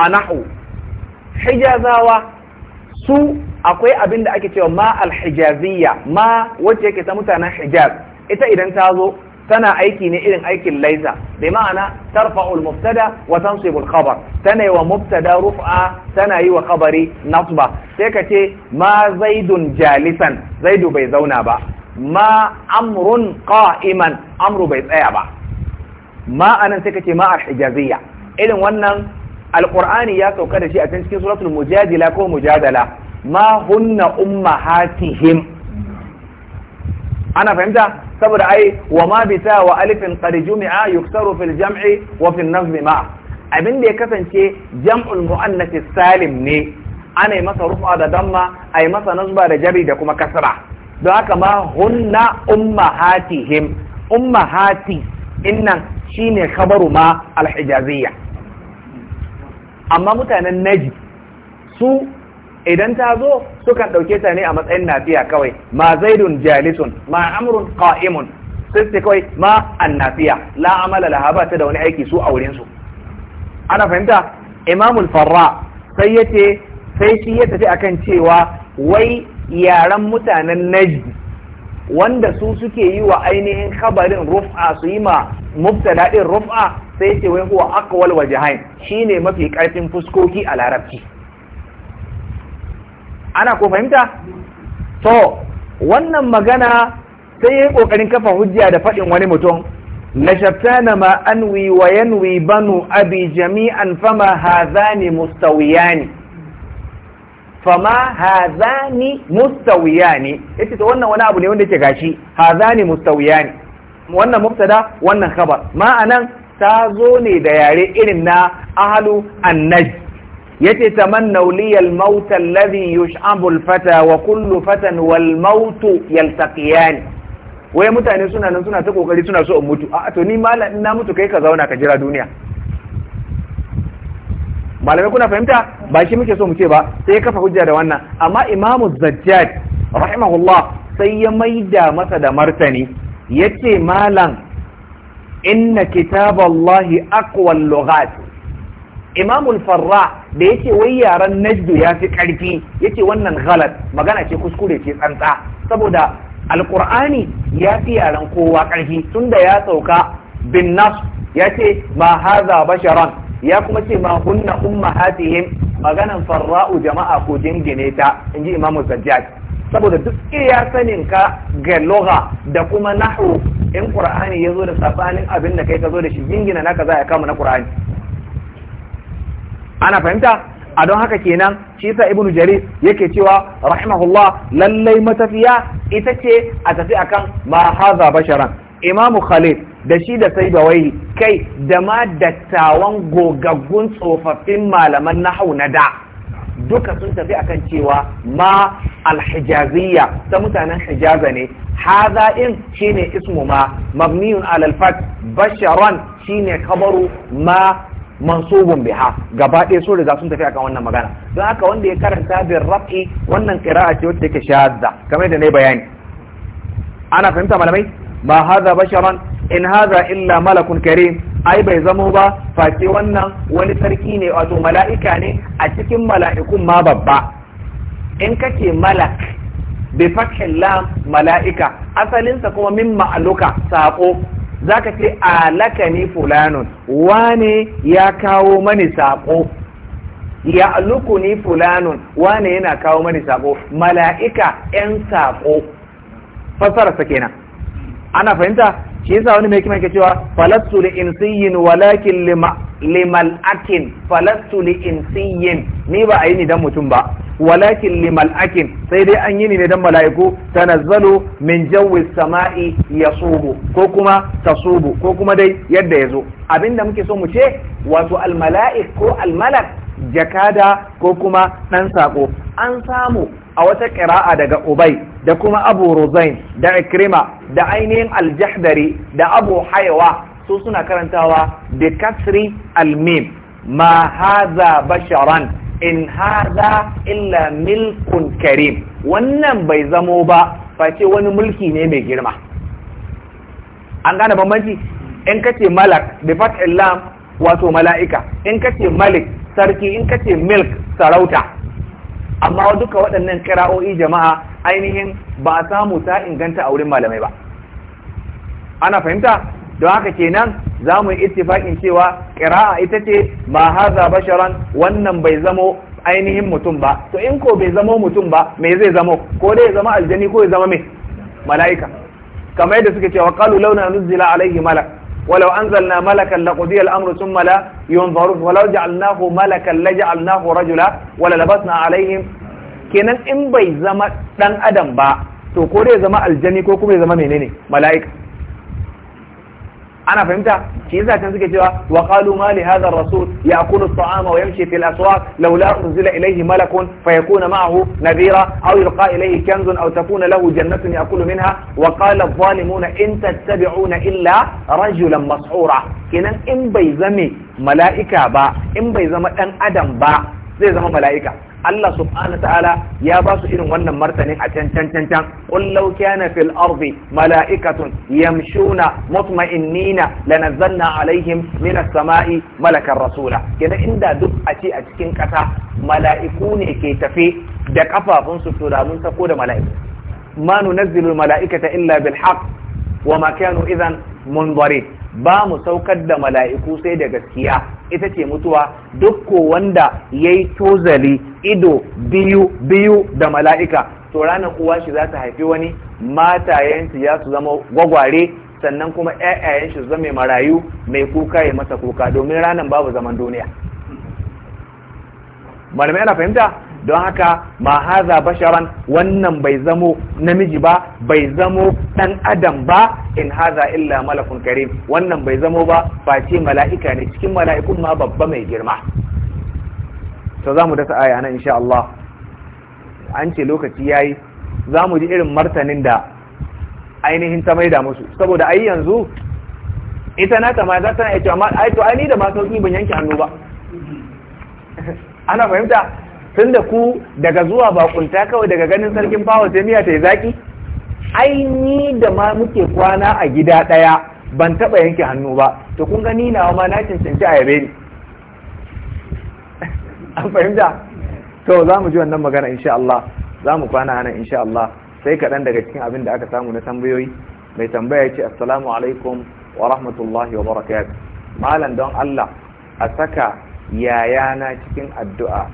a nahu hijazawa su akwai abin da ake cewa ma alhijaziyya ma wacce yake ta mutanen hijaz ita idan ta zo tana aiki ne irin aikin laisa bai ma'ana tarfa'ul mubtada wa tansibul khabar tana yi wa mubtada rufa tana yi wa khabari nasba sai ka ce ma zaidun jalisan zaidu bai zauna ba ma amrun qa'iman amru bai tsaya ba ma anan sai ka ce ma alhijaziyya irin wannan Alkur'ani ya sauka da shi a cikin suratul mujadila ko mujadala ma hunna ummahatihim ana fahimta saboda ai wa ma bita wa alifin qad jumi'a yuktaru fil jam'i wa fil nazmi ma abin da ya kasance jam'ul muannath salim ne ana yi masa rufa da damma yi masa nasba da jari da kuma kasra don haka ma hunna ummahatihim ummahati innan shine khabaru ma al-hijaziyya amma mutanen naji su idan ta zo sukan ɗauke ta ne a matsayin nafiya kawai ma zaidun jalisun ma amrun qa'imun sai su kawai ma annafiya la amala laha ba ta da wani aiki su auren su ana fahimta imamul farra sai yace sai shi ya tafi akan cewa wai yaran mutanen najdi wanda su suke yi wa ainihin kabarin rufa su yi ma mubtada din rufa sai ce wai huwa aqwal wajhain shine mafi karfin fuskoki a larabci ana ko fahimta to wannan magana sai yayi kokarin kafa hujja da fadin wani mutum la shaftana ma anwi wa yanwi banu abi jami'an fama hadhani mustawiyani fama hazani mustawiyani yace to wannan wani abu ne wanda yake gashi hazani mustawiyani wannan mubtada wannan khabar ma'anan ta zo ne da yare irin na ahalu annaj yace tamannau li al-maut alladhi yush'abu al wa kullu fatan wal maut yaltaqiyan wai mutane suna nan suna ta kokari suna so in mutu a to ni malam na mutu kai ka zauna ka jira duniya malamai kuna fahimta ba shi muke so mu ce ba sai kafa hujja da wannan amma imamu zajjad rahimahullah sai ya maida masa da martani yace malam inna kitaballahi aqwal lughat imam al-farra da yake wai yaran najdu ya fi karfi yace wannan ghalat magana ce kuskure ce tsantsa saboda alqur'ani ya fi yaran kowa karfi tunda ya sauka bin nas ce ma hadha basharan ya kuma ce ma hunna ummahatihim maganan farra'u jama'a ko jingine ta inji imam az-zajjaj saboda duk iya sanin ka ga lugha da kuma nahu, in qur'ani zo da sabanin abin da kai ka zo da shi jingina naka za ya kama na qur'ani ana fahimta a don haka kenan shi yasa ibnu jarir yake cewa rahimahullah lallai matafiya ita ce a tafi akan ma haza basharan imamu khalid da shi da sai bawai kai da ma dattawan gogaggun tsofaffin malaman Nahu na da duka sun tafi akan cewa ma alhijaziyya ta mutanen hijaza ne haza in shine ismu ma mabniyun alal fat basharan shine kabaru ma mansubun biha gaba ɗaya sun riga sun tafi akan wannan magana don haka wanda ya karanta bin raf'i wannan qira'a ce wacce yake shadda kamar na ne bayani ana fahimta malamai ma hadha basharan in haza illa malakun karim ai bai zamo ba face wannan wani sarki ne wato mala'ika ne a cikin mala'ikun ma babba in kake malak bi fakhil lam mala'ika asalinsa kuma min ma'aluka sako zaka ce alaka ni fulanun wane ya kawo mani sako ya aluku ni fulanun wane yana kawo mani sako mala'ika yan sako fasararsa kenan ana fahimta shi yasa wani mai hikima ke cewa falastu li insiyin walakin limal'akin falastu li insiyin ni ba a yi ni dan mutum ba walakin akin, sai dai an yi ni ne dan mala'iku tanazzalu min jawi sama'i yasubu ko kuma tasubu ko kuma dai yadda yazo abinda muke so mu ce wato al mala'ik ko al malak jakada ko kuma ɗan saƙo an samu a wata ƙira'a daga ubai da kuma abu ruzain da ikrima da ainihin aljahdari da abu haiwa su suna karantawa da kasri almim ma haza basharan in haza illa milkun karim wannan bai zamo ba face wani mulki ne mai girma an gane bambanci in kace malak bi fat'il lam wato mala'ika in kace malik sarki in ka ce milk sarauta amma duka waɗannan kira'o'i jama'a ainihin ba a samu ta inganta a wurin malamai ba ana fahimta don haka kenan za mu yi ittifaƙin cewa kira'a ita ce ma haza basharan wannan bai zamo ainihin mutum ba to in ko bai zamo mutum ba me zai zamo ko dai ya zama aljani ko ya zama mai. mala'ika kamar yadda suke cewa kalu launa nuzila alaihi malak ولو أنزلنا ملكا لقضي الأمر ثم لا ينظرون ولو جعلناه ملكا لجعلناه رجلا وللبسنا عليهم kenan إن بي zama dan adam ba to ko dai zama aljani ko kuma ya ana fahimta shi yasa can suke cewa wa qalu ma li hadha ar-rasul ya'kulu at-ta'ama wa yamshi fil aswaq laula unzila ilayhi malakun fayakuna ma'ahu nadhira aw yulqa ilayhi kanzun aw takuna lahu jannatun ya'kulu minha wa qala adh-dhalimuna in tattabi'una illa rajulan mas'ura kenan in bai zame mala'ika ba in bai zama dan adam ba zai zama mala'ika Allah subhanahu ta'ala ya ba su irin wannan martanin a can can can can qul law kana fil ardi mala'ikatun yamshuna mutma'innina lanazzalna alaihim min as-sama'i malakan rasula kenan inda duk a ce a cikin kasa mala'iku ne ke tafe da kafafun su to da mun sako da mala'iku ma nunazzilu mala'ikata illa bil haqq wa ma kanu idan munzarin ba mu saukar da mala'iku sai da gaskiya ita ce mutuwa duk ko wanda ya yi tozali ido biyu biyu da mala'ika to ranar uwa shi za ta haifi wani matayensu ya su zama gwagware sannan kuma ‘ya'yayen shi zama marayu mai kuka ya masa kuka domin ranar babu zaman duniya malamai fahimta don haka ma haza basharan wannan bai zamo namiji ba bai zamo ɗan adam ba in haza illa malakun karim wannan bai zamo ba face mala'ika ne cikin mala'ikun ma babba mai girma to za mu dasa aya nan insha Allah an ce lokaci yayi za mu ji irin martanin da ainihin ta maida musu saboda ai yanzu ita na ta ma za ta iya cewa ma ai to ai ni da ma sauki ban yanke hannu ba ana fahimta tunda ku daga zuwa bakunta kawai daga ganin sarkin fawa sai miya ta yi zaki ai ni da ma muke kwana a gida ɗaya ban taɓa yanke hannu ba to kun gani na ma na cancanci a yabe ni an fahimta to za mu ji wannan magana insha Allah za mu kwana anan insha Allah sai kaɗan daga cikin abin da aka samu na tambayoyi mai tambaya ce assalamu alaikum wa rahmatullahi wa barakat malam don Allah a saka yayana cikin addu'a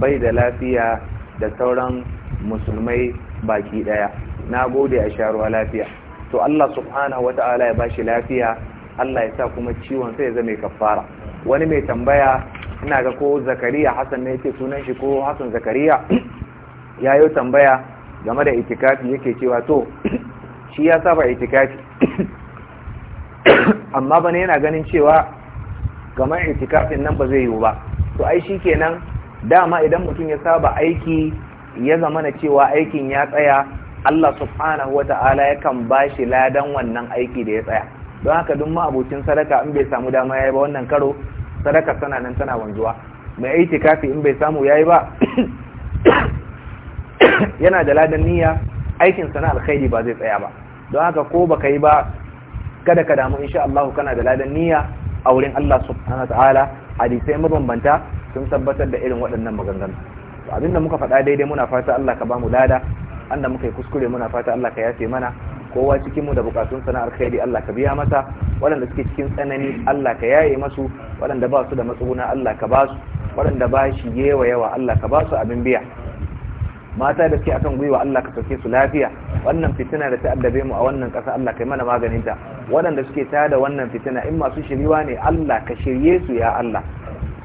bai da lafiya da sauran musulmai baki daya na gode a sharuwa lafiya to Allah subhanahu wata'ala ya bashi lafiya Allah ya sa kuma ciwon sai ya zama kafara wani mai tambaya ina ga ko Zakariya Hassan ne yake sunan shi ko Hassan Zakariya yayo tambaya game da itikafi yake cewa to shi ya saba itikafi amma bane yana ganin cewa game itikafin nan ba zai yiwu ba to ai shi shikenan dama idan mutum ya saba aiki ya zamana cewa aikin ya tsaya Allah subhanahu kan yakan bashi ladan wannan aiki da ya tsaya don haka duk ma'abucin sadaka in bai samu dama yi ba wannan karo sadaka tana nan tana wanzuwa mai aiki kafi in bai samu ya yi ba yana da ladan niyya aikin sana alkhairi ba zai tsaya ba don haka ko baka yi ba kada ka damu insha Allah kana da ladan niyya a wurin Allah subhanahu ta'ala hadisai mabambanta sun tabbatar da irin waɗannan maganganu abinda muka faɗa daidai muna fata Allah ka bamu lada anda muka yi kuskure muna fata Allah ka yafe mana kowa cikin mu da bukatun sana'ar alkhairi Allah ka biya masa waɗanda suke cikin tsanani Allah ka yaye masu waɗanda ba su da matsuguna Allah ka ba su waɗanda ba shi yewa yawa Allah ka ba su abin biya mata da suke akan gwiwa Allah ka sauke su lafiya wannan fitina da ta addabe mu a wannan ƙasa Allah ka yi mana ta waɗanda suke da wannan fitina in masu shiriwa ne Allah ka shirye su ya Allah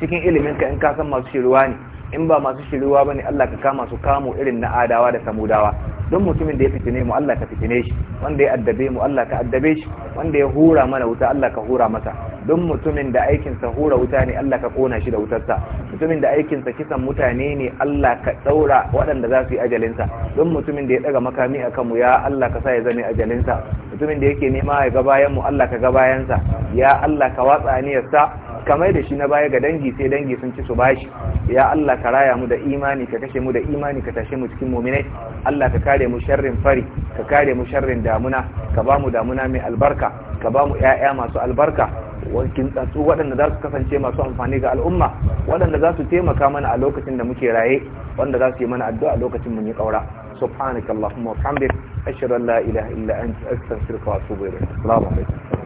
cikin ilimin ka in ka san masu shiriwa ne in ba masu shiruwa ba ne Allah ka kama su kamo irin na adawa da samudawa don mutumin da ya fitine mu Allah ka fitine shi wanda ya addabe mu Allah ka addabe shi wanda ya hura mana wuta Allah ka hura masa don mutumin da aikin sa hura wuta ne Allah ka kona shi da wutarsa mutumin da aikin sa kisan mutane ne Allah ka daura waɗanda za su yi ajalin sa don mutumin da ya daga makami akan mu ya Allah ka sa ya zame ajalin sa mutumin da yake nema ya ga bayan mu Allah ka ga bayan sa ya Allah ka watsa aniyarsa kamar da shi na baya ga dangi sai dangi sun ci su bashi ya Allah ka raya mu da imani ka kashe mu da imani ka tashe mu cikin mu'minai Allah ka kare mu sharrin fari ka kare mu sharrin damuna ka ba mu damuna mai albarka ka ba mu ƴaƴa masu albarka wakin tsatsu waɗanda za su kasance masu amfani ga al'umma waɗanda za su taimaka mana a lokacin da muke raye waɗanda za su yi mana addu'a a lokacin mun yi ƙaura subhanakallahumma wa bihamdik ashhadu an la ilaha illa anta astaghfiruka wa atubu ilayk assalamu alaikum